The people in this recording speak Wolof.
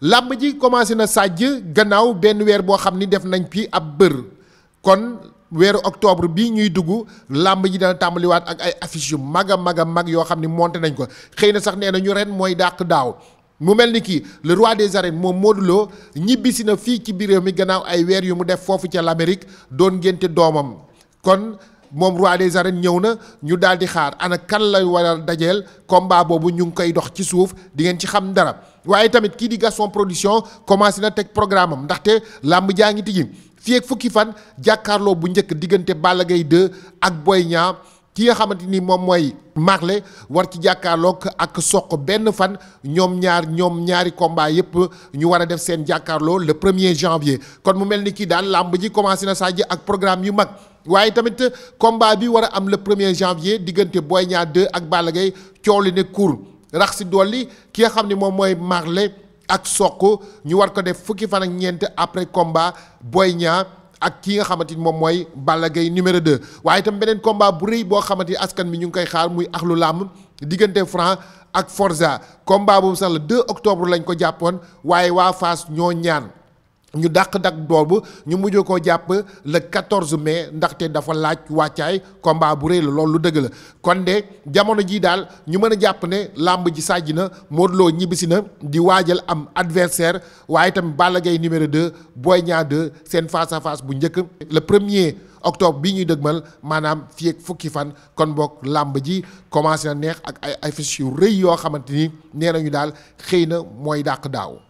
làmb ji commencé na sàjj gannaaw benn weer boo xam ni def nañ fi ab bër kon weeru octobre bii ñuy dugg làmb ji dana tàmbaliwaat ak ay affiche yu mag a mag a mag yoo xam ni monté nañ ko xëy na sax nee na ñu ren mooy dàq daaw mu mel ni kii le roi des arènes moom Modou Lo ñibbisi na fii ci biir mi gannaaw ay weer yu mu def foofu ca l'Amérique doon ngénte doomam kon moom roi des arènes ñëw na ñu daal xaar ana kan lay war a dajeel komba boobu ñu ngi koy dox ci suuf di ngeen ci xam dara waaye tamit kii di Gaston production commencé na teg programme am ndaxte làmb jaa ngi tijji fii ak fukki fan jàkkaarloo bu njëkk diggante Balla Gaye 2 ak Boy ñaar ki nga xamante ni moom mooy Marley war ci jàkkaarloog ak soq benn fan ñoom ñaar ñoom ñaari combat yépp ñu war a def seen jàkkaarloo le premier janvier kon mu mel ni kii daal làmb ji commencé na saa ak programme yu mag. waaye tamit combat bi war a am le premier janvier diggante Boy Niang ak Balla coow li ne cour rax si dolli ki nga xam ne moom mooy Marley ak Sokk ñu war ko def fukki fan ak ñeent après combat booy Niang ak ki nga xamante ni moom mooy Balla Gaye numéro 2 waaye tam beneen combat bu rëy boo xamante ni askan bi ñu ngi koy xaar muy axlu làmb diggante Franc ak Forza combat boobu sax le 2 octobre lañ ko jàppoon waaye waa Fass ñoo ñaan. ñu dàq dak doobu ñu mujj koo jàpp le 14 mai ndaxte dafa laaj wàccaay combat bu rëy la loolu lu dëgg la kon de jamono jii daal ñu mën a jàpp ne làmb ji sàjj na Modou Lo ñibbisi na di waajal am adversaire waaye tamit Balla gay numéro 2 Boy Niang 2 seen face à bu njëkk le premier octobre bi ñuy dëgmal maanaam fii ak fukki fan kon boog làmb ji commencé na neex ak ay affiches yu rëy yoo xamante ni nee nañu daal xëy na mooy dàq daaw.